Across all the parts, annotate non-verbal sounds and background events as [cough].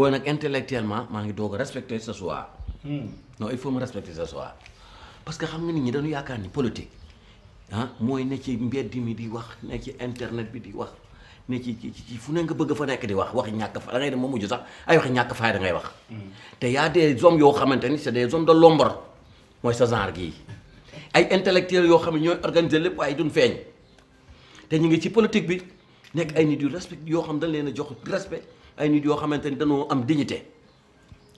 booy nag intellectuellement maa ngi doog a sa ce soir. Hmm. non il faut me respecter parce que xam nga nit ñi dañu yaakaar ni politique ah mooy ne ci mbedd mi di wax ne ci internet bi di wax ne ci ci fu ne nga bëgg fa nekk di wax waxi ñàkk fa da ngay dem ba mujj sax ay waxi ñàkk faay da ngay wax. Hmm. te y a des hommes yoo xamante ni c'est des hommes de l'ombre mooy sa genre gii ay intellectuels yoo xam ne ñooy organiser lépp waaye duñ feeñ te ñu ngi ci politique bi nekk ay nit yu respect yoo xam dañ leen a jox respect. ay nit yoo xamante ni dañoo am dignité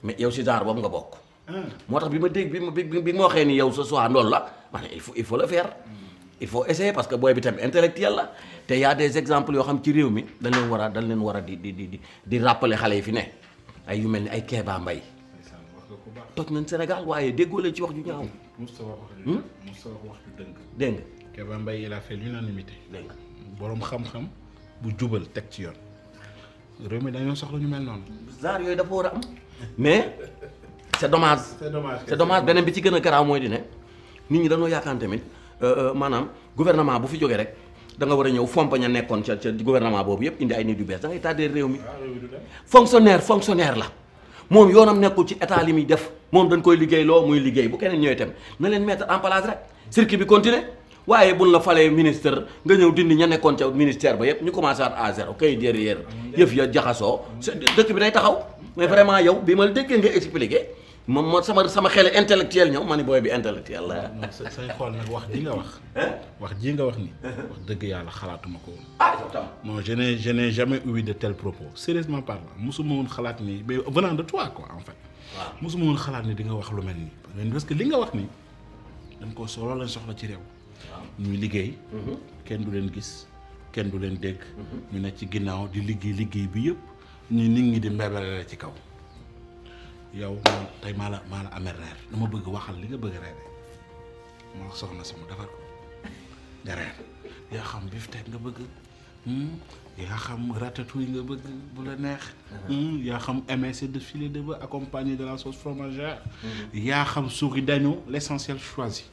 mais yow si genre boobu nga bokk. Hmm. moo tax bi ma dégg bi ma bi ma waxee ni yow ce soit loolu la ma ne il faut il faut le faire. Hmm. il faut essayer parce que booy bi tamit intellectuel la te y a des exemples yoo xam ci réew mi dañ leen war a dañ leen war a di di di di rappeler xale yi fi ne ay yu mel ni ay keebaa mbay toog nañ Sénégal waaye déggoo leen ci wax ju ñaaw. Hmm. Moustapha wax ju Moustapha wax ju dëng. dégg nga Kéba Mbaye il a fait dégg nga borom xam-xam bu jubal teg ci yoon. réew mi dañoo soxla ñu mel noonu. genre yooyu dafa war a am mais c'est dommage. c'est dommage c'est dommage beneen bi ci gën a garaaw mooy di ne nit ñi dañoo yaakaar tamit euh, euh, maanaam gouvernement bu fi jógee rek da nga war a ñëw fomp ña nekkoon ca ca boobu yëpp indi ay nit yu bees da ngay tàddee réew mi. Ah, fonctionnaire fonctionnaire la moom yoonam nekkul ci état li muy def moom dañ koy liggéey loo muy liggéey bu keneen ñëwee tam na leen mettre en place rek circuit bi continuer waaye bu la falee ministre nga ñëw dindi ña nekkoon ca ministère ba yépp ñu commencé at à zéro kay yëf ya jaxasoo dëkk bi day taxaw mais vraiment yow bi ma déggee nga expliqué moom ma sama sama xel intellectuel ñëw ma ni booy bi intellectuel la. say xool nag wax ji nga wax. wax ji nga wax ni. dëgg yàlla xalaatuma ko woon. ah non je n'ai je n'ai jamais de tels propos sérieusement parlant mosuma woon xalaat ni mais venant de toi quoi en fait. waaw mosuma woon xalaat ni di nga wax lu mel nii. parce que li nga wax nii dañ koo soxla lañ soxla ci réew. ñuy liggéey mhm. kenn du leen gis kenn du leen dégg mhm. ñu ne ci ginnaaw di liggéey liggéey bi yëpp ñu nit ñi di mbebele la ci kaw yow man tey maa la maa la amee reer dama bëgg waxal li nga bëgg reere ma wax soxna si mu defar ko nga reer yaa xam bifteck nga bëgg hmm? nga bëgg bu la neex mhm. hmm? yaa xam émincé de filet de bœuf accompagné de la sauce fromagère yaa xam souris d'agneau l'essentiel choisi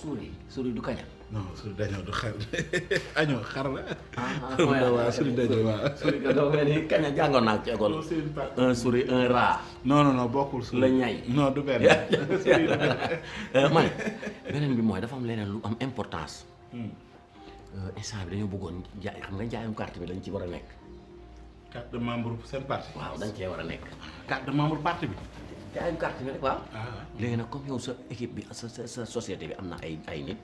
souris souris du kaña non suri dañoo xar [laughs] añoo xar ah, ah, [laughs] jàngoon naa ci école. un un rat. non bokkul suri. la ñay non du benn. [laughs] suri euh, beneen bi mooy dafa am leneen lu am importance. Hmm. Euh, instant bi dañoo bëggoon jaay xam nga jaayum carte bi dañ ci war a nekk. carte de membre seen parti. dañ cee war a nekk. carte de bi. jaayum carte bi rek waaw. Ah, léegi nag comme yow sa équipe bi sa sa bi am na ay ay nit.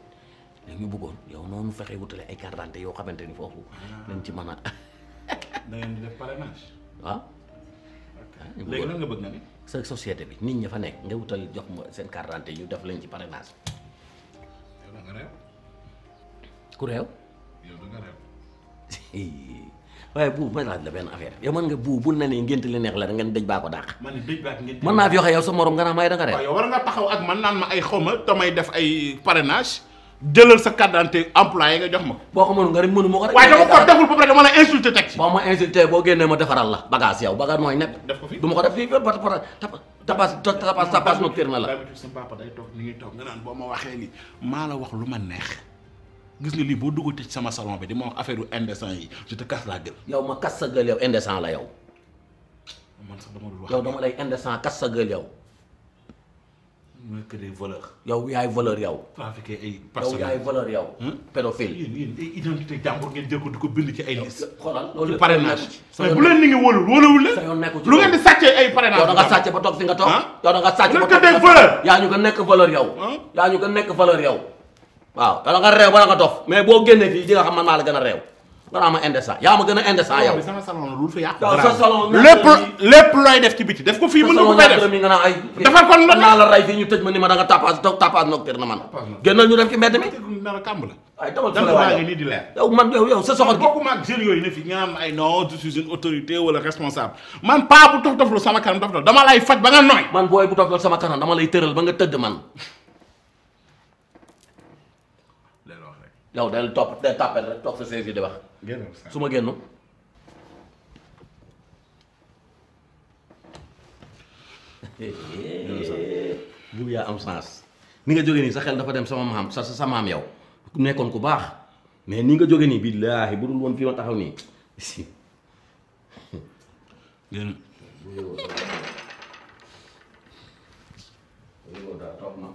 dañu bëggoon yow noonu fexe wutale ay carte d'identité yoo xamante ni foofu nañ ah. ci mën a. [laughs] [laughs] da ngeen di def ah, bi nit ña fa nekk nga wutal jox ma seen carte d'identité ñu def lañ ci parrainage. yow da nga réew. ku réew. yow da nga réew. [laughs] waaye bu ma laaj la benn affaire yow man nga bu bu na ne ngént li neex la ngeen dëj baa ko dàq. man dëj baa ngént naa fi yoxe yow sa morom nga naan may da nga réew. waaw ak man naan ay xaw ma damay def ay parrainage. jëlal sa carte d'identité employé nga jox ma boo ko mënul nga ne mënu ma ko rek. waaye dama ko deful ba pare dama teg ci. boo ma insulté boo génnee ma defaral la bagage yow bagage mooy nepp. def ma ko def fii ba pare tapas tapas tapas nocturne la. d'habitude sa papa day naan boo ma waxee lii maa la wax lu ma neex gis nga lii boo dugg ci sama salon bi di ma wax affaire yi je te casse la gueule. yow ma casse sa gueule yow indécent la yow. man sax dama dul wax yow lay indécent kas sa gueule yow. mooy voleur. yow yaay voleur yow. trafiqué ay personnes yow yaay voleur yow. Hmm? pédophile yéen yéen ay identité jàmbur ngeen jël ko di ko bind ci ay liste. xoolal loolu ci parrainage. mais bu leen ni nga wóolul wóolawul la. lu ngeen di sàccee ay parrainage. yow da nga sàcce ba toog fi nga toog. yow da nga sàcce ba toog nekk voleur. yaa ñu ko nekk voleur yow. yaa ñu ko nekk voleur yow. waaw da nga réew ba nga dof mais boo génnee fii di nga xam man maa la gën a réew baraama indécent yaa ma gën a indécent yow. sama salon lu fa yàq. sa salon lépp lépp looy def ci biti def ko fii mën na ko fay def nga naa ay. defar kon nag naa la rey fii ñu tëj ma ni ma da nga tapage tapage nocturne na man. génnal ñu dem ci mbedd mi. dara kàmb la. ay dama dama baa ngi nii di leer. yow man yow yow sa soxor gi. bokkuma ak jeunes yooyu ne fi nga am ay non je suis une autorité wala responsable man paa bu dof dof lu sama kanam dof dof dama lay faj ba nga nooy. man booy bu dof dof sama kanam dama lay tëral ba nga tëdd man yow day topp day tàppel rek toog sa séese yi di wax. su ma génn. [laughs] bu yaa am sens. ni nga jógee nii sa xel dafa dem sama maam sa sa maam yow nekkoon ku baax mais ni nga jógee nii billaahi bu dul woon fii ma taxaw nii. [laughs] génn. toog na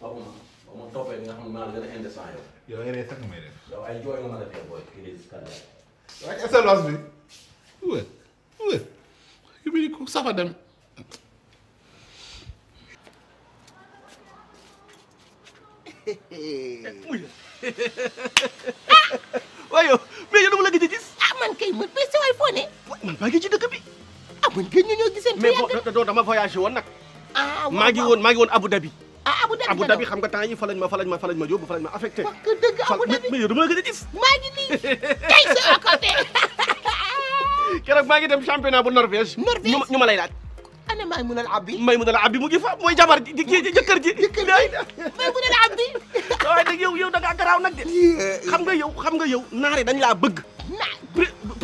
toog ba ma toppee nga xam ne maa la gën a indécent yow. yow nga ne sax may def. yow ay jooy nga ma defee booy. waaye excellence [laughs] la gëj a gis. ah man kay man bés waay foo man maa ngi ci dëkk bi. ah man gëj ñu ñoo gisante. mais boo dama voyagé woon nag. ah waaw maa ngi woon maa ngi woon Abu Dhabi. ah Abu Dhabi Abu Dhabi xam nga temps yi fa lañ ma fa lañ ma fa lañ ma yóbbu fa lañ ma affecté. wax nga dëgg Abu Dhabi mais yow dama la gën a gis. [laughs] maa ngi nii tey sa à côté. [laughs] keroog maa ngi dem championnat bu Norvège. Norvège ñu ma lay laaj. ana Maymunal Abdi. Maymunal Abdi mu ngi fa mooy jabar ji ji jëkkër ji. jëkkër ji Maymunal Abdi. [laughs] waaye nag yow yow da ngaa garaaw nag de. xam nga yow xam nga yow naare dañ laa bëgg. naa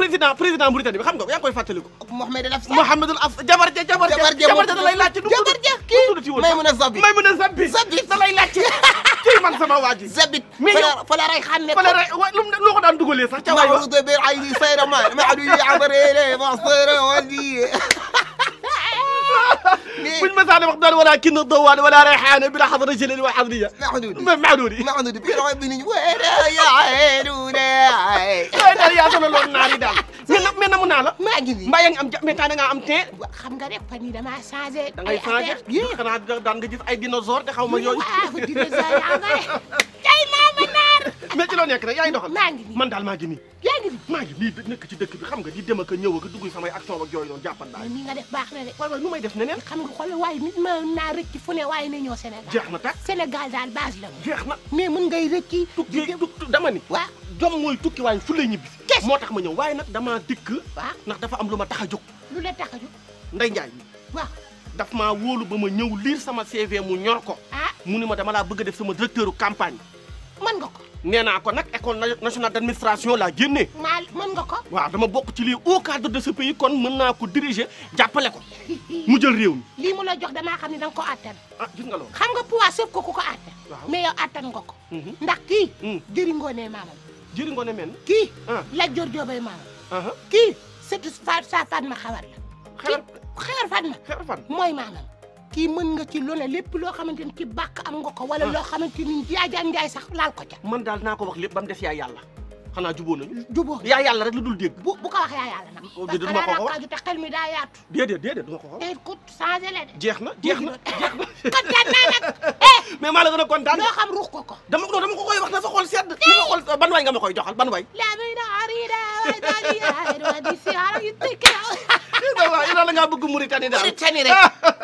président président Mauritanie bi xam nga yaa ngi koy fàttaliku. Mohamed El Afsa Mohamed El Afsa jabar ja jabar ja jabar ja da lay laajte. jabar ja kii Maymuna Zabi Maymuna Zabi. Zabi da lay laajte [laughs] kii man sama waa ji. Zabi fa la ray xam ne fa la ray wa lu mu ko daan dugalee sax ca waay wa. [laughs] buñ ma saane wax daan wala kinna dawaan wala rayxaana bila xadra jëleli wa xadriya maxduudi maxduudi bi roy bi ni wara yaaruuna ay daal yaa solo loon naar yi daal mais nag mais namu naa la maa ngi nii mbaa yaa ngi am mais taa da ngaa am tee xam nga rek fan yi damaa changé da ngay changé xanaa daan nga gis ay dinosaure te xaw ma yooyu dinosaure yaa nga tey maama naar mais ci loo nekk nag yaa ngi doxal maa ngi nii man daal maa ngi nii yaa ngi nii maa ngi nii nekk ci dëkk bi xam nga di dem ak a ñëw ak a dugg samay action ak yooyu noonu jàppal daal ni nga def baax na de def neneen xam nga xoolal waaye nit ma naa rëcc fu ne waaye na ñëw Sénégal jeex na tak Sénégal daal base la jeex na mais mën ngay rëcci tukki dama ni waaw jom mooy tukki waaye fu lay ñibbi moo tax ma ñëw waaye nag damaa dikk waaw ndax dafa am lu ma tax a jóg lu la tax a jóg Ndeye Ndiaye waaw maa wóolu ba ma ñëw liir sama CV mu ñor ko ah. mu ni ma dama laa bëgg def sama directeur campagne mën nga ko. nee naa ko nag école nationale d'administration laa génnee. maa mën nga ko. waaw dama bokk ci lii au cadre de ce pays kon mën naa ko diriger jàppale ko mu jël réew mi. lii mu la jox damaa xam ne danga ko attan. ah gis nga loolu. xam nga poids sëf ko ku ko attan. waaw mais yow attan nga ko. Mhm. ndax kii. Mm. jëri ngoonee maamam. jëri ngoonee men. kii. Ah. la jor joobay maamam. kii surtout sa Fatma xawar la. xeer xeer Fatma. xeer Fatma mooy maamam. kii mën nga ci lone lépp loo xamante ni ci bàkk am nga ko wala ah. loo xamante ni njaajaan njaay sax laal ko ca man daal naa ko wax lépp ba mu def yaa xanaa juboo nañu. juboo yaa yàlla rek lu dul dégg. bu bu ko wax yaa yàlla nag. Oh, déedéet du ma ko wax parce que xel mi daa yaatu. déedéet déedéet du ma ko wax. tey ku changé jeex na jeex na jeex na. [laughs] [laughs] Eh! a kontaan. loo xam ko ko. dama ko dama ko koy wax na sa xol sedd. li eh! ma xol ban way nga ma koy joxal ban way. [laughs] la ngaa bëgg Mauritanie daal Mauritanie rek.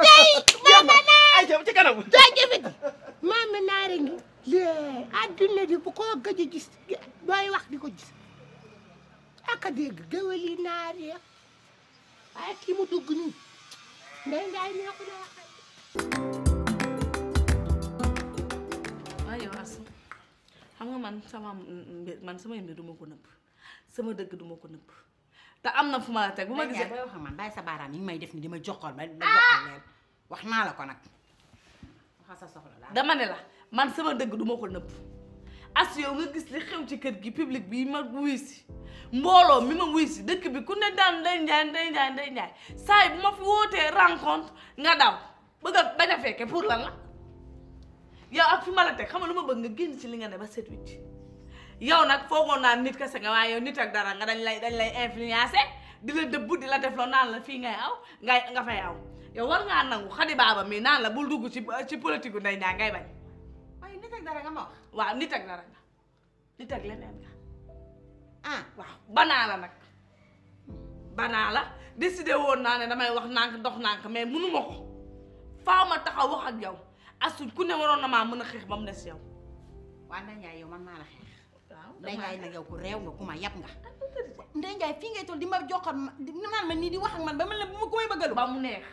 tey maama naa. ay ci kanam. jaajëfet maama naa lée adduna di bu koo gëj gis booy wax di ko gis aka dégg géwél yi naar ya kii mu dugg nii nday ndaay neexu la nga man sama mbir man samay ko nëbb sama dëgg duma ko nëbb am na fu ma ma gisee booy wax yi may def ni di ma joxoon ah! wax naa la ko nag waxal sa dama ne la man sama dëgg du ma ko nëbb as yow nga gis li xew ci kër gi public bi ma wuy mbooloo mi ma wuy si dëkk bi ku ne daan day njaay day njaay day saa yi bu ma fi wootee rencontre nga daw bëgg a fekke pour lan la yow ak fi ma la teg xam nga lu ma bëgg nga génn ci li nga ne ba set wicc yow nag foogoon naa nit kese nga waaye nit dara nga dañ lay dañ lay influencé di la dëbbu di la def loo naan la fii ngay aw ngay nga fay aw yow war ngaa nangu xadi baaba mi naan la bul dugg ci ci politique gu ndey njaay ngay bañ yow nit ak dara nga ma waaw nit ak dara nga nit ak leneen nga ah waaw banaa la nag banaa la décidé woon naa ne damay wax nànk dox nànk mais mënu ma ko faaw ma taxaw wax ak yow asut ku ne waroon na maa mën a xeex ba mu des yow. waa Ndeye Ndiaye yow man maa la xeex. waaw Ndeye nag yow ku réew nga ku ma yab nga. Ah, Ndeye Ndiaye fii ngay toll di ma joxoon nii di ak man ba mel ne bu ma mu neex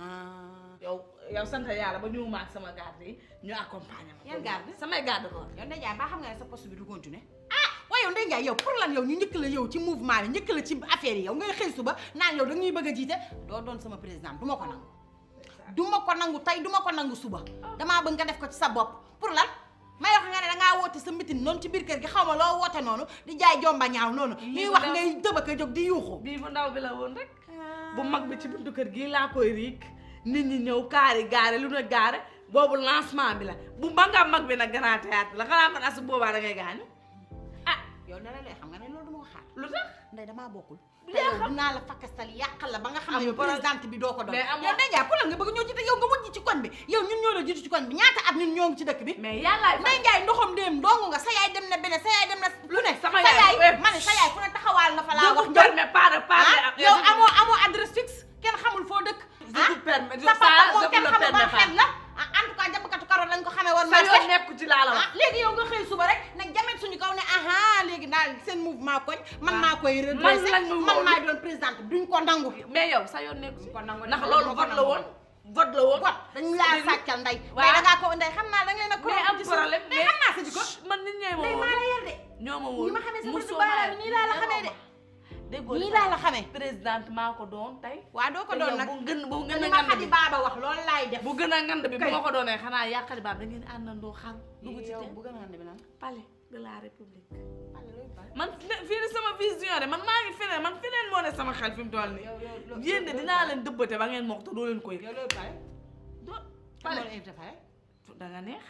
ah. yow. yow sant yàlla ba ñëwuma ak sama garde yi ñu accompagner ma. yan garde samay garde corps. yow Ndeye Ndiaye ba xam nga ne sa poste bi du continuer. ah waaye yow Ndeye Ndiaye yow pour lan yow ñu njëkk la yow ci mouvement bi njëkk la ci affaire yi yow ngay xëy suba naan yow da ñuy bëgg a jiite doo doon sama président du ma ko nangu. du ma ko nangu tey du ma ko nangu suba ah. damaa bëgg nga def ko ci sa bopp pour lan. may wax nga ne dangaa woote sa mitin noonu ci biir kër gi xaw ma loo woote noonu di jaay jomba ñaaw noonu ñuy wax ngay tëb ak a jóg di yuuxu bii bu ndaw bi woon rek ah. bu mag bi ci buntu kër gi laa koy nit ñi ñëw kaari gaare lu ne gaare boobu lancement bi la bu ba nga mag bi nag grand théâtre la xanaa man asu boobaa da ngay gaañu ah yow na la lay xam nga ne loolu du ma xaar lu tax ndey damaa bokkul dinaa la fakkastal yàqal la ba nga xam ne bi doo ko doon yow Ndeye Ndiaye ku la nga bëgg ñoo ci bi yow ñun ñoo la ci koñ bi ñaata at ñun ñoo ngi ci sa yaay dem na bene sa yaay dem na lu ne sa yaay eh. ma ah, amoo amoo adresse fixe kenn xamul foo dëkk Ah, je vous permets je vous la ah, en tout ko xamee woon marché sa yoon nekku ci laa la wax ah, léegi yow nga xëy suba rek nag jamet suñu kaw ne aha léegi daal seen mouvement koñ man maa koy redressé man maa doon présidente duñ ko nangu mais yow sa yoon nekku ci ko nangu ndax loolu vote la woon vote la woon vote dañ laa sàccal nday mais da ngaa ko nday xam naa da nga leen a ko am problème mais xam naa sa jikko man nit ñee ma woo maa la yar de ñoo ma woo ma xamee sa nii laa la xamee de déggoo nii laa la xamee présidente maa ko doon tey waaw doo ko doon nag bu gën bu gën a ngand bi baaba bu gën a ngand bi bu ma ko doonee xanaa yaa xadi baaba da ngeen àndandoo xaru dugg ci bu gën a ngand bi nag palais de la république man fii sama vision man maa ngi feneen man feneen moo ne sama xel fi mu toll nii yéen de dinaa leen dëbbate ba ngeen moxta doo leen koy doo palais da nga neex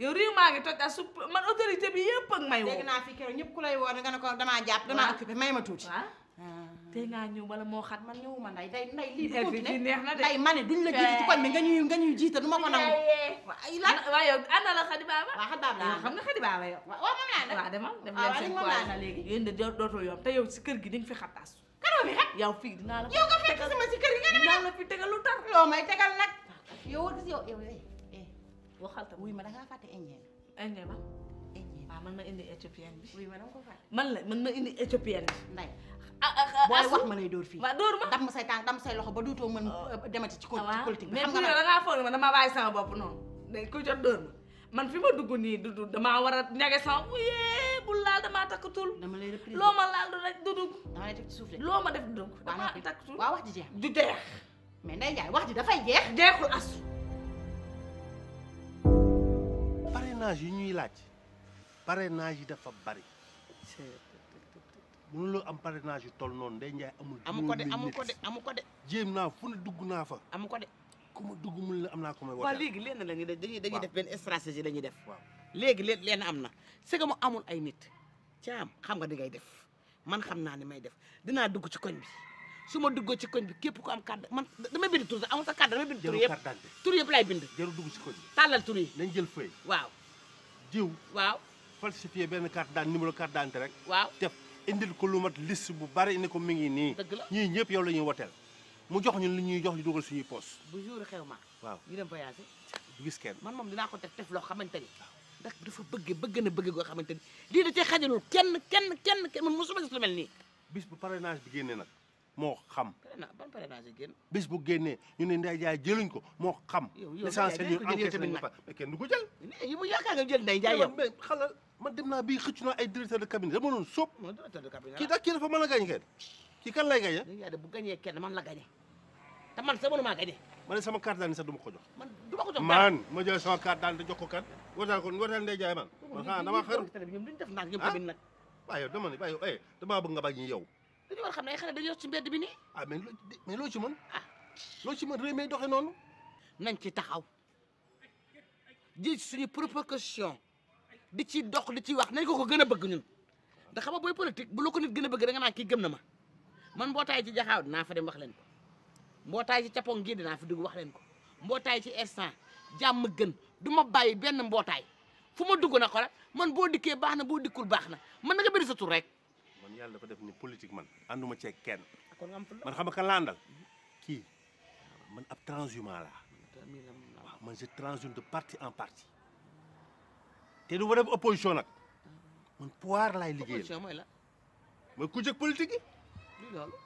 yow réew maa ngi toj ak su man autorité bi yëpp ak may woo. dégg naa fi keroog ñëpp ku lay woo nga ne ko damaa ma ah. man na de nday ma ne duñ la jiite ñuy nga ma ko nangu. ay ana la xadi baaba. waaw xadi baaba xam nga xadi baaba yow. waaw moom laa ne waaw demal dem leen seen quoi na léegi te yow si kër gi di nga fi xataas. kanoo bi xat yow fii dinaa la yow nga fekk sama ne ma la fi tegal lu tax loo may tegal nag waxal tam ma da ngaa fàtte indien indi éthiopienne bi man la man ma indi éthiopienne bi nday booy wax ma lay dóor fii ma dam say tànk dam say loxo ba duutoo mën oh. euh, demati ci ah, politique bi xam nga mais da ngaa foog ne ma dama bàyyi sama bopp noonu ma man fi ma dugg war a ñage sama uyee bul laal damaa takk tul dama lay reprise dama lay suuf de loo ma def du dugg damaa takk tul waaw wax ji jeex du jeex mais nday wax ji dafay jeex jeexul asu parrainage yi ñuy laaj parrainage yi dafa bari. mënuloo am parrainage yu toll noonu Ndeye Ndiaye amul. amu ko de amu ko de amu ko de. naa fu dugg naa fa. amu ko de. ku ma dugg mun la am naa ko may. waaw léegi lenn la ñuy def dañuy dañuy def benn stratégie la ñuy def. waaw léegi lenn am na c'est que mu amul ay nit. caam xam nga di ngay def man xam naa ni may def dinaa dugg ci koñ bi su ma duggoo ci koñ bi képp ko am carte man damay bind tur amul sa carte damay bind. tur yëpp jëru carte d' identité tur yëpp bind. dugg ci koñ bi yi. nañ jël jiw. waaw falsifié benn carte d'identité numéro carte d'identité rek. waaw def indil ko lu mat liste bu bari ne ko mi ngi nii. dëgg la ñii ñëpp yow la ñuy woteel mu jox ñun li ñuy jox ñu dugal suñuy pos bu jour xew ma. waaw ñu dem voyager. du gis kenn man moom dinaa ko def def loo xamante ni. ndax dafa bëgg bëgg na bëgg goo xamante ni lii da cee xajalul kenn kenn kenn kenn man mosuma gis lu mel nii. bis bu parrainage bi génnee nag. moo xam. ban parrainage yi génn. bis bu génnee ñu ne Ndeye Ndiaye jëluñ ko moo xam. yow yow Ndeye ko jëlee tamit nga mais kenn du ko jël. yi mu yaakaar nga jël Ndeye Ndiaye yow. mais xalal man dem naa bii xëcc naa ay directeur de cabinet dama doon sóob. directeur de cabinet kii daal kii dafa mën a gañ kenn kii kan lay gañe. Ndeye Ndiaye bu gañee kenn man la gañe te man sa mënuma gañe. ma ne sama carte d'identité sax du ma ko jox. man du ma ko jox man ma jël sama carte d'identité jox ko kan. wootal ko wootal Ndeye Ndiaye man. man xanaa damaa xaru waaw waaye dama ne waaye damaa bëgg nga bañ yow dañu war xam ne ay xale dañu yor ci mbedd bi ni ah mais loo mais loo ci mën. ah loo ci mën réew mi doxee noonu. nañ ci taxaw ji suñu proposition di ci dox di ci wax nañ ko ko gën a bëgg ñun ndax xam nga booy politique bu la ko nit gën a bëgg da nga naan gëm na ma man mbootaay ci jaxaaw dinaa fa dem wax leen ko mbootaay ci capong gi dinaa fa dugg wax leen ko mbootaay ci instant jàmm gën du ma bàyyi benn mbootaay fu ma dugg na xoolal man boo dikkee baax na boo dikkul baax na man na nga bëri sa tur rek. yàlla dafa def ni politique man ànduma cee kenn man xam nga kan la àndal kii man ab transhumant laa waaw man je transhume de parti en parti te du ma opposition nag man pouvoir laay liggéey mooy la ma ku jëkk politique yi loolu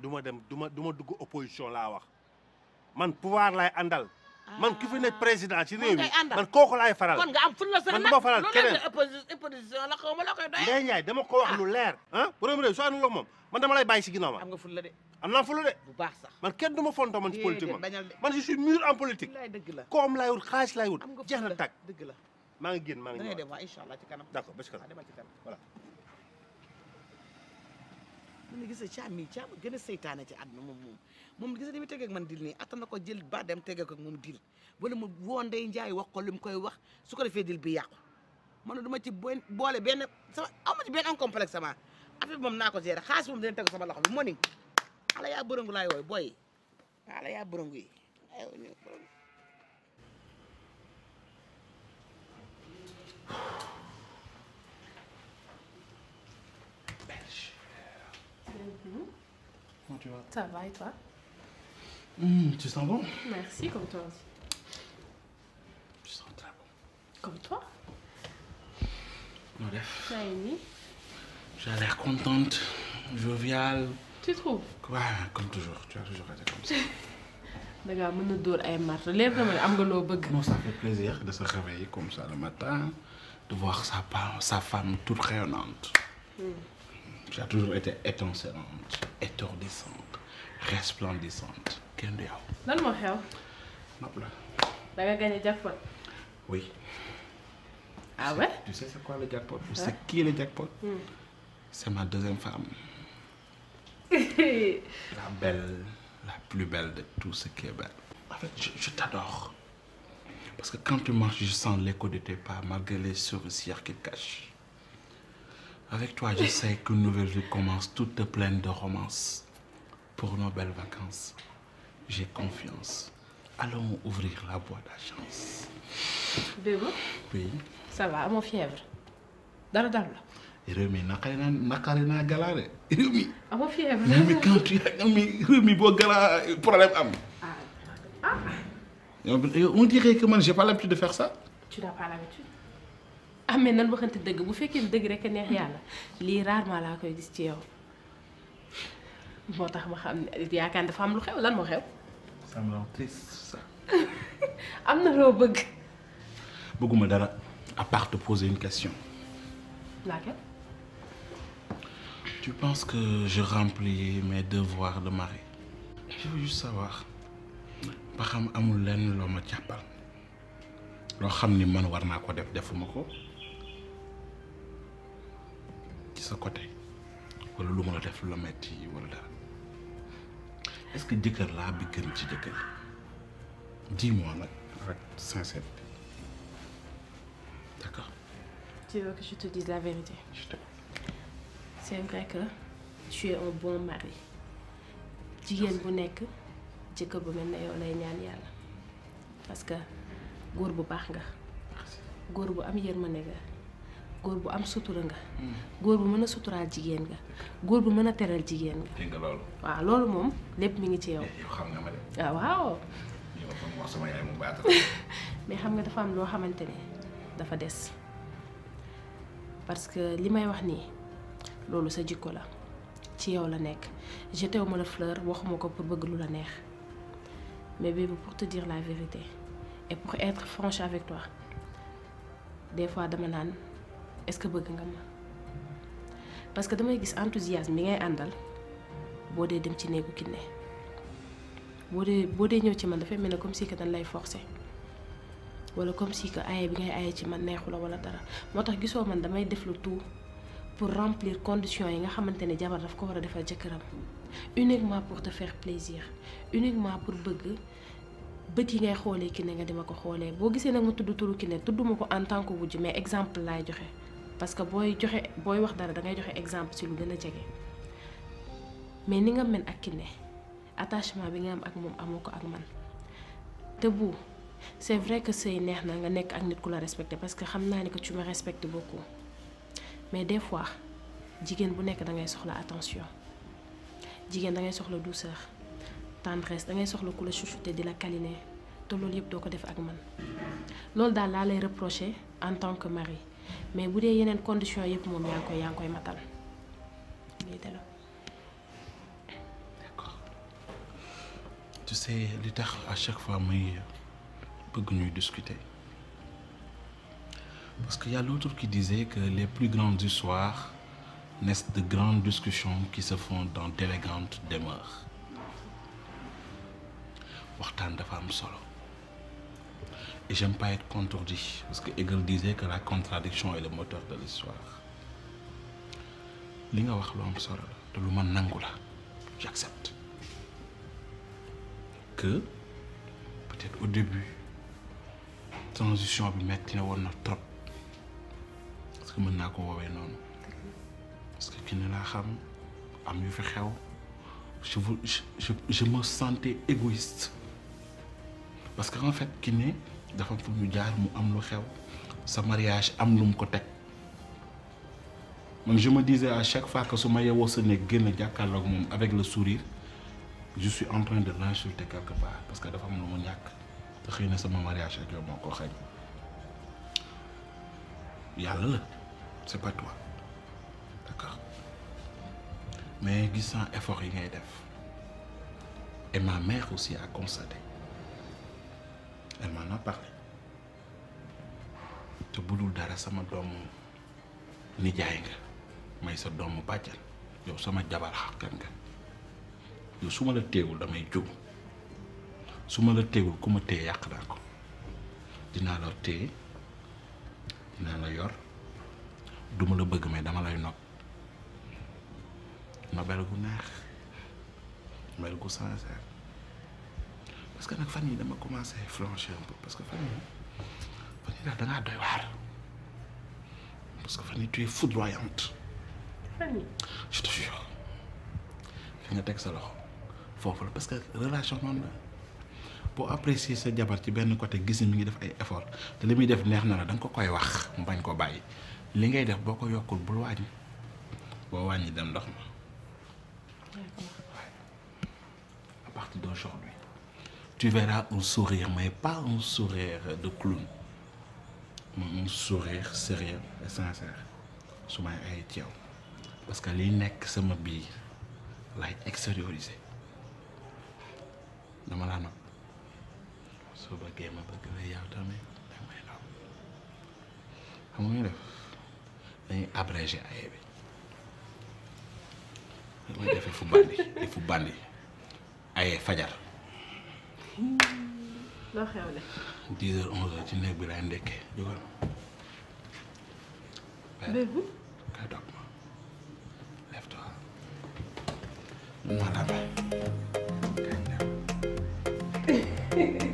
du ma dem du ma du ma dugg opposition laa wax man pouvoir laay àndal Ah. man ki fi nekk président ci man kooku laay faral kon nga am man du ma faral keneen opposition la xaw ko wax ah. lu leer ah borom réew lay bàyyi si ginnaaw ma la de am naa ful la man kenn du ma fonto man ci politique ma man je suis mûr en politique koom laay wut xaalis laay wut jeex na tàkk dëgg la maa maa ngi dem waaw incha allah mu ne gis nga caam mii caam gën a seytaane ci àdduna moom moom moom gis nga ni mu tegeeg man dil nii attan na ko jël ba dem tegeeg ak moom dil wala mu woo Ndeye Ndiaye wax ko li mu koy wax su ko defee dil bi yàqu man du ma ci boole benn sama aw ma ci benn am complexe sama affaire bi moom naa ko gérer xaalis moom dina tegu sama loxo bi moo ni ala yaa bërongu laay wooy booy ala yaa bërongu yi ay Mhm. Comment tu vas Ça va et toi mmh, Tu sens bon Merci, comme toi aussi. Je sens très bon. Comme toi Voilà. J'ai l'air contente, joviale. Tu trouves Ouais, comme toujours. Tu as toujours été comme ça. [laughs] da ngaa mën a dóor ay marto leer na ma am nga loo bëgg. non ça fait plaisir de se réveiller comme ça le matin de voir sa sa femme toute rayonnante. Mmh. tu as toujours été étincelante étourdissante resplendissante kenn du yow. lan moo xew. nopp la. jackpot. oui. ah c'est qui le jackpot. Hmm. c'est ma deuxième femme. [laughs] la belle la plus belle de tout ce qui est belle. en fait je t'adore parce que quand tu marches je sens de tes pas malgré les sourcils qu'ils cachent. Avec toi, je sais qu'une nouvelle vie commence toute pleine de romances. Pour nos belles vacances, j'ai confiance. Allons ouvrir la boîte à chance. Bébé Oui. Ça va, amoo fièvre. dara dal la. réew mi naqari naa naqari naa galaa de réew mi. amoo ah, fièvre réew mi quand tu réew mi boo galaa problème am. ah ah. on dirait que man j'ai pas l'habitude de faire ça. tu n'as pas l'habitude. ah nan waxante dëgg bu fekkee ne dëgg rek neex mm-hmm. yàlla lii rarement laa koy gis ci yow moo tax ma xam ne yaakaar dafa am lu xew lan moo xew. ça [laughs] am na loo bëgg. bëgguma dara à parte te poser une question. laquelle? tu penses que je remplis mes devoirs de mari? je veux juste savoir ba xam amul lenn loo ma jàppal loo xam ni man war naa ko def defuma ko. sa côté wala lu ma la def la metti wala dara est-ce que jëkkër laa bi gën ci jëkkër yi dis-moi nag rek sincère d'accord. tu la vérité. c'est vrai que tu un bon mari. jigéen bu nekk jëkkër bu mel ne yow lay ñaan yàlla parce que góor bu baax nga. góor bu am yërmande nga. góor bu am sutura nga. Hmm. góor bu mën a suturaal jigéen nga góor bu mën a teral jigéen nga. loolu. waaw loolu moom lépp mu ngi ci yow. Eh, yow xam nga ah, waaw. [laughs] mais xam nga dafa am loo xamante ne dafa des parce que li may wax nii loolu sa jikko la ci yow la nekk jetewu ma la fleur waxuma ko pour bëgg lu la neex mais bébé pour te dire la vérité et pour être franche avec toi fois dama naan. est-ce que bëgg nga ma parce que damay gis enthousiasme bi ngay àndal boo dee dem ci néegu kinne boo dee boo dee ñëw ci man dafay mel ne comme si que dañ lay forcer wala comme si que aaye bi ngay aaye ci man neexula la wala dara moo tax gisoo man damay def lu tout pour remplir conditions yi nga xamante ne jabar daf ko war a defal jëkkëram uniquement pour te faire plaisir uniquement pour bëgg. bët yi ngay xoolee Kiné nga dima ko xoolee boo gisee nag ma tudd turu Kiné tudduma ko en tant que wujj mais exemple laay joxe parce que booy joxe booy wax dara da ngay joxe exemple ci lu gën a jege mais ni nga mel ak Kiné attachement bi nga am ak moom amoo ko ak man te bu c'est vrai que sëy neex na nga nekk ak nit ku la respecté parce que xam naa ni ko ci me respectes beaucoup mais des fois jigéen bu nekk da ngay soxla attention jigéen da ngay soxla douceur tendresse da ngay soxla ku la chouchouter di la câliner te loolu yëpp doo ko def ak man loolu daal laa lay reprocher en tant que mari mais bu dee yeneen condition yëpp moom yaa ngi koy yaa ngi koy matal li tax à chaque fois muy bëgg ñuy discuter parce que yàlla a l'autre qui que les plus grandes histoires naissent de grandes discussions qui se font dans d'élégantes demeures waxtaan dafa am solo. Et j'aime pas être parce que Hegel disait que la contradiction est le moteur de l'histoire. li nga wax lu am solo te lu ma nangu la j'accepte que peut-être au début transition bi metti na woon na trop parce que mën naa ko woowee noonu parce que ki ne laa xam am yu fi xew je je je me sentais égoïste parce que en fait ki dafa am fu ñu jaar mu am lu xew sa mariage am lu mu ko teg man je me disais à chaque fois que su ma yewoo sa néeg génn jàkkaarloog moom avec le sourire je suis en train de l'insulter quelque part parce que dafa am lu mu ñàkk te xëy na sama mariage ak yow moo ko xëy yàlla la c'est pas toi mais gis naa effort yi ngay def et ma mère aussi ak constaté. elle m'en a te bu dul dara sama doomu nijaay nga may sa doomu bàjjan yow sama jabar xàkkan nga yow su ma la téewul damay jóg su ma la téewul ku ma tée yàq naa ko dinaa la tée dinaa la yor duma la bëgg may dama lay nopp nobel gu neex nobel gu sincère parce que nag fan yi dama commencé flancher un parce que fan yi fan yi daal doy waar parce que fan yi tu es foudroyante. fan nga teg sa loxo foofu la parce que relation noonu la boo apprécier sa jabar ci benn côté gis ni mi ngi def ay effort te li muy def neex na la da ko koy wax mu bañ koo bàyyi li ngay def boo ko yokkul bul wàññi boo wàññi dem ndox ma. tu verras un sourire, mais pas un sourire de clown. Un sourire sérieux et su may ay ci parce que liy nekk sama biir lay extérioriser dama laa nag soo bëggee ma bëgg la yow tamit da may xam nga def dañuy abrégé aye bi damay defee fu bandi fu bandi aye fajar loo xewle. dix heures onze heures ci néeg bi laay ndekkee jógal. béy bu kay toog ma lève-toi. bu ma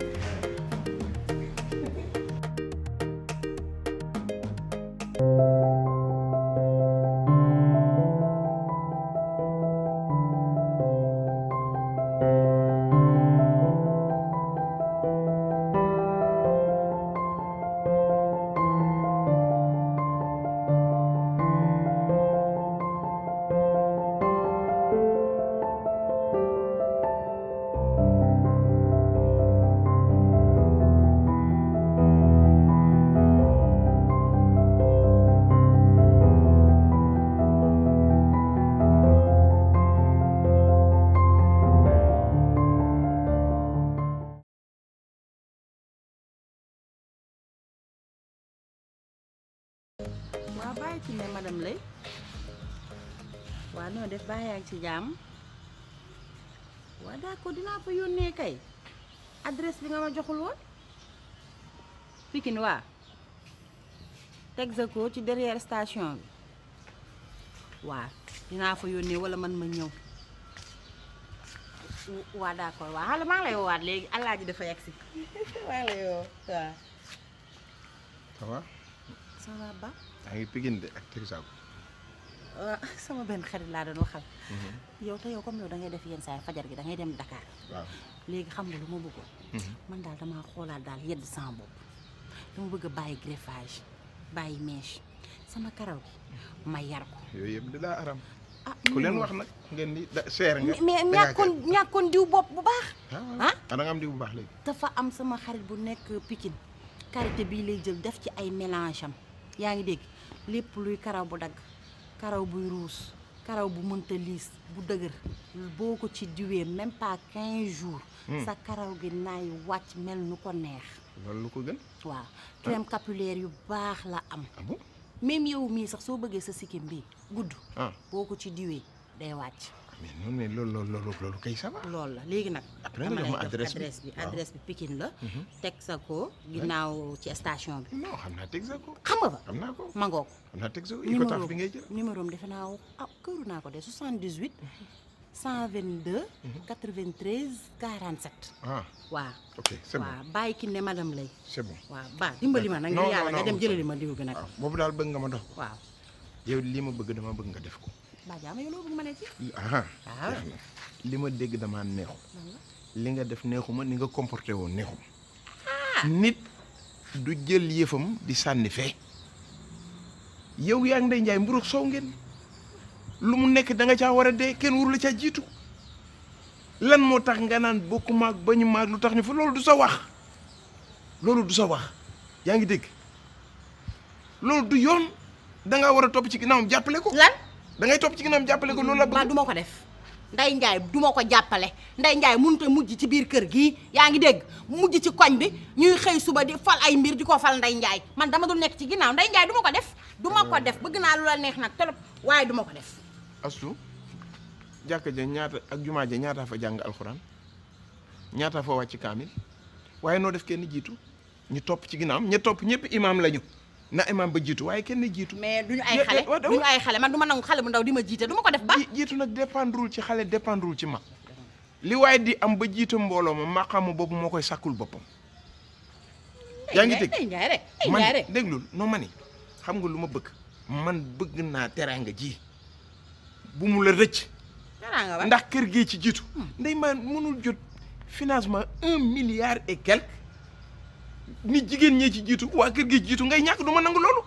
ngi ci jàmm waa d'accord dinaa fa yónnee kay adresse bi nga ma joxul woon Pikine waa ko ci derrière station bi waa dinaa fa yónnee wala man ma ñëw waa d'accord waa xala maa lay woowaat léegi allah ji dafa yegg si [laughs] maa lay waaw ça va ça ba maa ngi Pikine de ak Texaco [laughs] sama benn xarit laa doon waxal. Mhm. yow te yow def yenn saa yi fajar gi dangay ngay dem Dakar. waaw léegi xam nga lu ma bëggoon. Mhm. man daal damaa xoolaat daal yedd sans bopp. dama bëgg a bàyyi greffage bàyyi mèche sama karaw gi ma yar ko. yooyu yëpp dinaa aram. ah ku leen wax nag ngeen ni seer nga. mais ñàkkoon ñàkkoon diw bopp bu baax. ah, ah? ah da am diw bu baax léegi. dafa am sama xarit bu nekk Pikine. karité bii lay jël def ci ay mélange yaa ngi dégg lépp luy karaw bu dagg. karaw buy ruus karaw bu mënta bu dëgër boo ko ci diwee même pas quinze jours hmm. sa karaw gi naay wàcc mel nu ko neex loolu lu ko gën waaw crème capillaire yu baax la am ah même yow mii sax soo bëggee sa sikkim bi gudd ah. boo ko ci diwee day wàcc mais noonu loolu loolu loolu loolu kay ça lool la léegi nag. après nga jox ma adresse bi adresse bi adresse bi Pikine la. Mhm. ci station bi. xam naa Texaco. xam nga fa xam naa bi ngay jël. numéro defe naa ah naa ko de 78. 122. 93 47. ah waaw. ok c'est bon waaw bàyyi ki ne madame lay. c'est bon waaw ba dimbali ma ma diw bi nag. Ah, boobu daal bëgg nga ma dox ko. waaw lii ma bëgg dama bëgg nga def ko. baa jaama loo bëgg ma ah, ah. li ma dégg damaa neexu. li nga def neexuma ni nga comporté woon neexuma. Ah. nit du jël yëfam di sànni fee. yow yaa ngi day njaay mburu soow ngeen lu mu nekk danga ca war a dee kenn wurula caa jiitu lan moo tax nga naan bokku maag ba ñu maag lu tax ñu fa loolu du sa wax loolu du sa wax yaa ngi dégg loolu du yoon da war a topp ci ginnaawam jàppale ko lan da ngay topp ci ginnaawam jàppale ko loolu la. ba duma ko def Ndeye Ndiaye du ko jàppale Ndeye Ndiaye mënut a mujj ci biir kër gi yaa ngi dégg mujj ci koñ bi ñuy xëy suba di fal ay mbir di ko fal ndey Ndiaye man dama dul nekk ci ginnaaw Ndeye Ndiaye du ma ko def. du ma ko def bëgg naa lu la neex nag trop waaye duma ko def. Astou jàkka ja ñaata ak jumaa ja ñaata fa jàng alxuraan ñaata fa wàcc kaamil waaye noo def kenn jiitu ñu topp ci ginnaawam ña topp ñëpp imaam lañu. na imaam ba jiitu waaye kenn jiitu. mais duñu ay xale duñu ay xale man du ma nangu xale bu ndaw di ma jiite du ma ko def ba. jiitu nag dépendrul ci xale dépendrul ci mag li waaye di am ba jiite mbooloo ma maqaamu boobu moo koy sàkkul boppam. yaa ngi dégg man déglul non ma ni xam nga lu ma bëgg man bëgg naa teraanga ji bu mu la rëcc. ndax kër gi ci jiitu. Hmm. ndey mënul jot financement un milliard et quelque. ni jigéen ñee ci jiitu waa kër gi jiitu ngay ñàkk du ma nangu loolu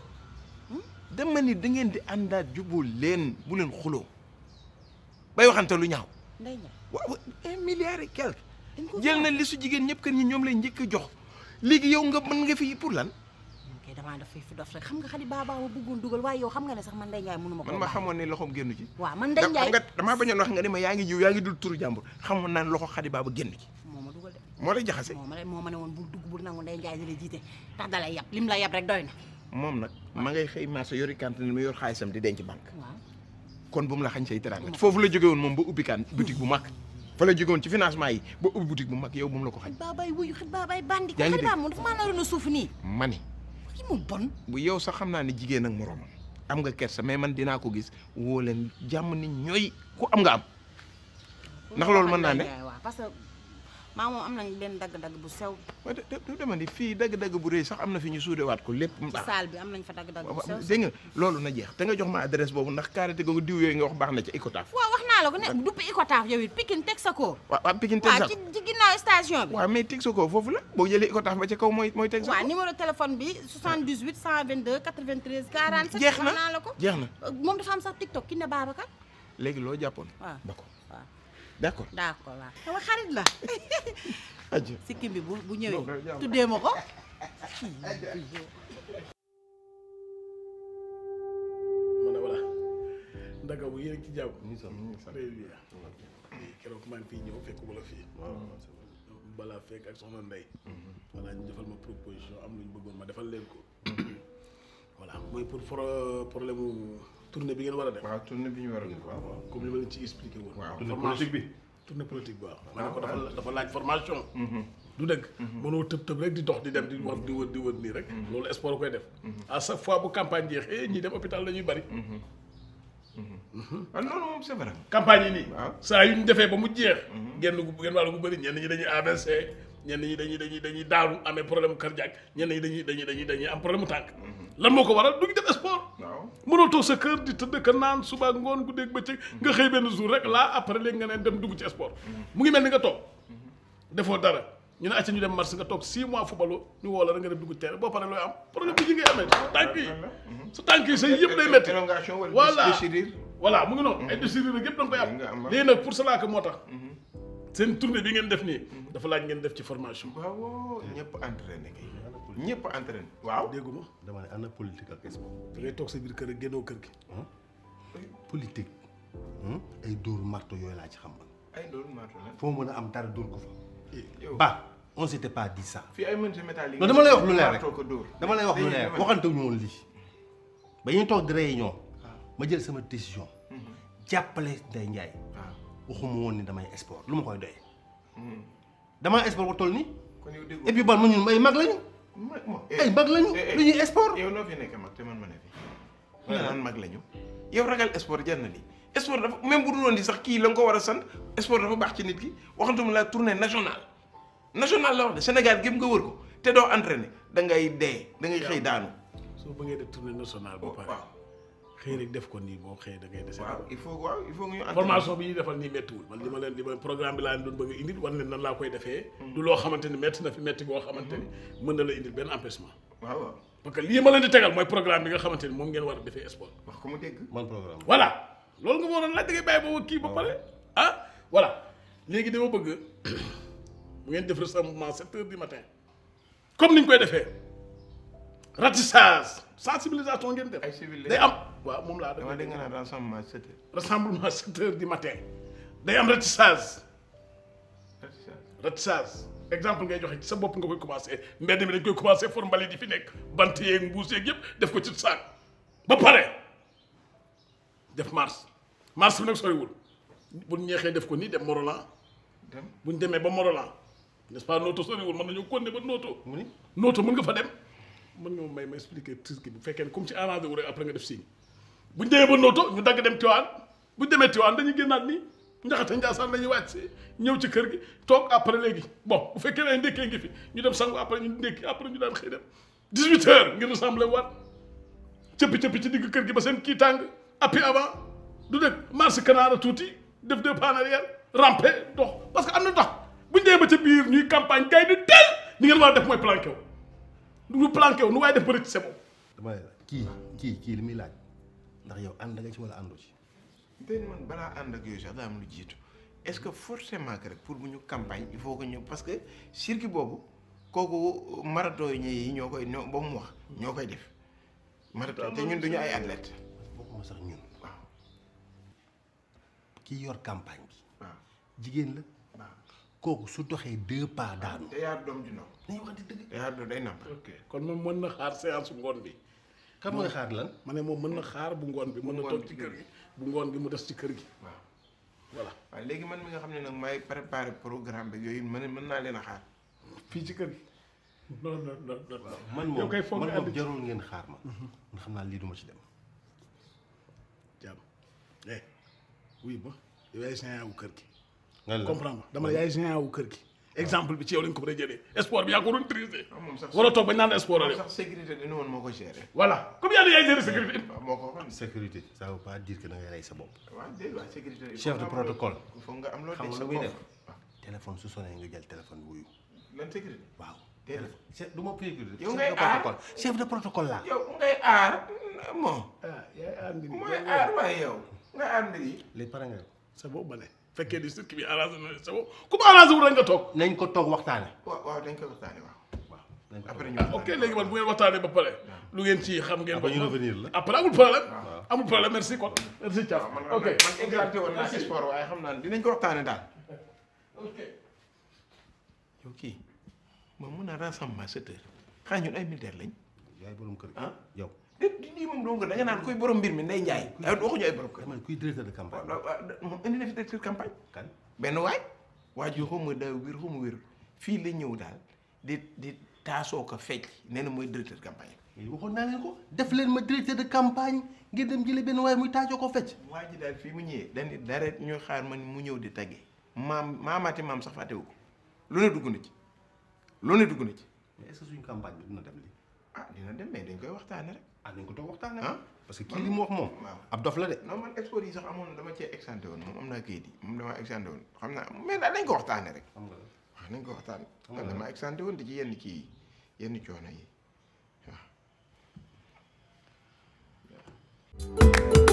dama ni da ngeen di àndaat juboo leen bu leen xuloo bay waxante lu ñaaw waaw un milliard et quelque jël na li su jigéen ñëpp kër ñi a lan kay damaa def fi dof rek xam nga xali baabaa ma bëggoon dugal waaye yow xam nga ne sax man Ndeye Ndiaye mënuma ma xamoon ne loxoom génn ci waaw man Ndeye damaa bañoon wax nga ne ma yaa ngi jiw yaa ngi dul turu jàmbur xamoon naa ne loxo xali baaba génn ci moo lay jaxase. moo ma ne woon bul dugg bul moom nag ma ngay xëy marché yori cantine mu yor xaalisam di denc banque. kon bu mu la xañ say teraanga. foofu la jóge moom ba ubbi kan boutique bu mag. fa la jóge ci financement yi ba ubbi boutique bu mag yow bu mu la ko xañ. baabay wuyu xit baabay bandi. a suuf nii. ma bu yow sax xam naa ne jigéen ak moroomam am nga kersa mais man dinaa ko gis woo leen jàmm ni ñooy ko am nga am. ndax loolu mën naa ne maa moom am nañ benn dagg-dagg bu sew. waaye de dama ni fii dagg-dagg bu rëy sax am na fi ñu suudewaat ko lépp. mu baax saal bi am nañ fa dagg bu na jeex ndax carité googu diw yooyu nga wax baax na ko ne dupp ba ca kaw mooy mooy Texaco. waaw numéro téléphone bi 78 122 93 47. jeex na jeex na wax naa euh, moom dafa am sax TikTok ki ne Babacar. léegi loo jàppoon ba ko d' accord d' accord waaw sama xarit la. [laughs] aju sikkim bi bu bu ñëwee. tuddee ma ko. ndaga bu yéen ci jàmm. très bien. keroog maa ngi fiy ñëw fekk wala fii. Ah, balaa fekk ak soxna Ndey. Mhm. voilà ñu defal ma proposition am lu ñu bëggoon ma defal leen ko. Mhm. voilà mooy pour problème mu. tournée bi ngeen war a def. waaw tournée bi ñu war a def waaw waaw. comme li ma leen ci expliqué woon. waaw tournée bi tournée politique bi waaw. Ah, ma ko dafa dafa laaj formation. Mm-hmm. du dëgg. Mm-hmm. mënoo tëb tëb rek di dox di dem di war di wër di wër nii rek. Mm-hmm. loolu sport koy def. à chaque fois bu campagne jeexee ñi dem hôpital la bari. Ah, campagne yi nii. Ah. saa yu ñu defee ba mu jeex. genn gu genn wàll gu bëri ñenn ñi dañuy AVC ñenn ñi dañuy dañuy amee problème cardiaque ñenn ñi dañuy dañuy lan moo ko waral du ñu def sport. waaw mënoo toog sa kër di tëdd ka naan suba ngoon guddeeg bëccëg nga xëy benn jour rek laa après léegi nga ne dem dugg ci sport. mu ngi mel ni nga toog. defoo dara ñu ne acca ñu dem marché nga toog 6 mois footballu ñu woo la rek nga dugg terrain boo paree looy am problème bi ji ngay amee sa tànk yi. Mhm. sa tànk yi sa yëpp day métti. élongation wala déchirure voilà mu ngi noonu. Mhm. ay déchirure yëpp da nga koy am. léegi nag pour cela que moo tax. Mhm. seen tournée bi ngeen def nii. dafa laaj ngeen def ci formation. waaw ñëpp ñëpp entraîné waaw dégguma dama ne ana politique ak sport da toog sa biir kër a génnoo kër gi politique ay dóoru marto yooyu laa ci xam man ay dóoru marto la foo am dara dóor ko fa eh, ba on s'était pas dit ça fii wax lu leer rek dama lay wax lu leer waxante ñu woon lii ba ñu toog di réunion ah. ma jël sama décision mhm. jàppale Ndeye Ndiaye ah. waxuma woon ni damay sport lu ma koy doyee mhm. damay sport ba toll nii et puis ban ma ñun mag lañu Eh, ay mag lañu eh, eh, lu ñuy sport. yow noo fi nekk mag te man ma ne fi. man mag lañu. yow ragal sport jar na lii sport dafa même bu dul woon di sax kii la nga ko war a sant sport dafa baax ci nit ki waxantuma la tournée nationale. nationale la wax de Sénégal gépp nga wër ko te doo entraîné da ngay dee dangay ngay xëy daanu. soo bëggee def tournée nationale ba oh, pare. xëy rek def ko nii boo xëy da ngay dese. waaw il faut waaw il faut ñu. formation bi defal nii méttiwul man li ma leen programme bi laa leen bëgg a indil war leen nan laa koy defee. Hmm. du loo xamante ni na fi métti boo xamante ni hmm. mën na la indil benn empêchement. parce que lii ma leen di tegal mooy programme bi nga xamante moom ngeen war a defee sport. wax ko mu dégg man programme voilà loolu nga ma waroon laaj da ngay bàyyi ba kii ba ah. pare ah voilà léegi dama bëgg mu [coughs] ngeen def rassemblement sept heures du matin comme ni ñu koy defee ratissage sensibilisation ngeen def. ay day am. waaw moom laa dama dégg nga naan rassemblement sept heures rassemblement sept heures du matin day am ratissage ratissage exemple ngay joxe ci sa bopp nga koy commencé mbedd mi dañ koy commencé for mbalit yi fi nekk bant yeeg mbuus yeeg yëpp def ko ci saak ba pare def mars mars bu nag soriwul bu ñu ñeexee def ko nii dem Morolan bu ñu demee ba Morolan n'est-ce pas nooto soriwul mën nañoo continuer ba nooto nooto mën nga fa dem mën nga may ma expliquer tris bu fekkee ne comme ci arrangé après nga def signe buñ demee ba nooto ñu dagg dem Tiwaan buñ demee Tiwaan dañuy génnaat nii njaxate njaasaan lañuy wàcc si ñëw ci kër gi toog après léegi bon bu fekkee ay ndékkee ngi fi ñu dem sangu après ñu ndékki après ñu daan xëy dem 18 heures ngir rassemble waat cëppi ci digg kër gi ba seen kii tàng appi avant du dëkk marche kanaara tuuti def deux pas en arrière rampe dox parce que am na dox bu demee ba ca biir ñuy campagne gay di teel ñi ngeen war a def mooy planqué wu lu planqué wu nu waaye def ba rëcc c'est kii kii kii li muy laaj ndax yow ànd nga ci wala àndu ci. déedéet man balaa ànd ak yooyu sax daa am lu jiitu est-ce que forcément que rek pour bu ñu campagne i faut ko ñu parce que circuit boobu kooku marathon yi ñoo koy ñoo ba mu wax. ñoo koy def. marathon te ñun duñu ay athlète. bokkuma sax ñun. yor campagne bi. waaw jigéen la. waaw kooku su doxee deux daanu. te yaa doom di naw. te yaa doom day nàmp. kon moom mën na xaar séance ngoon bi. kan mooy xaar lan ma ne moom mën na xaar bu ngoon bi mën na toog ci kër gi bu ngoon bi mu des ci kër gi waaw voilà léegi man mi nga xam ne nag may préparé programme bi yooyu mën mën naa leen a xaar fii ci kër gi non man moom man moom jarul ngeen xaar ma mhm. nga xam naa lii duma ci dem jàmm eh wuy ba yow yaay géant wu kër gi comprendre ma dama yaay géant wu kër gi exemple bi ci yow lañ ko mën a jëlee sport bi yaa ko doon triser. a ah, toog bañ naan sport la. sax sécurité bi ni woon moo ko gérer. voilà comme yàlla yaay gérer sécurité. Ah, rey sa bopp. waaw déedéet waaw sécurité. chef de foog nga am loo sa bopp xam nga lu muy def ah. téléphone su sonné nga jël téléphone wuyu. lan sécurité waaw. déedéet chef du ma sécurité. yow ngay aar chef de protocole laa. yow ngay aar moom. ah yaay aar yi mooy aar waaye yow nga aar mbir yi. léegi nga sa bopp bale. fekkee di circuit bi arrangé na sa bopp ku ma arrangé wu nañ ko toog waxtaane. waaw dañ ko waxtaane waaw. après ñu ok léegi man bu ngeen waxtaanee ba pare. xam ngeen. ba ñu revenir la après merci kon. merci Thiam waaye xam naa dinañ ko waxtaane daal. ok. yow kii moom mun naa rassemblement sept heures. xanaa ñun ay militaire lañ. kër gi ah? déet lii moom doo nga naan koy borom mbir mi nday njaay waxuñu ay borom kër. kuy directeur de campagne. moom indi na fi directeur campagne. benn waay. waaj ji xaw ma daa wér xaw ma wér fii la ñëw daal di di taasoo ko fecc nee na mooy directeur campagne. Eh, waxoon naa leen ko def leen ma directeur de campagne ngir dem jële benn waaye muy taasoo ko fecc. waa ji daal fii mu ñëwee dañuy dara ñuy xaar ma ni mu ñëw di tagge maam maamaati maam sax fàttewu ko lu ne dugg na ci loolu ne dugg na ci. mais est suñu campagne bi dina dem lii. ah dina dem dañ koy waxtaane ah nañ ko toog waxtaanee ah parce que kii ah. li mu wax moom. ab dof la de. non man expo yi sax amoon dama cee exanté woon moom am naa kayit yi moom damaa exanté woon xam naa mais daal nañ ko waxtaanee rek. xam nga waaw nañ ko waxtaanee. a nga damaa exanté woon di ci yenn kii yenn coono yi waaw.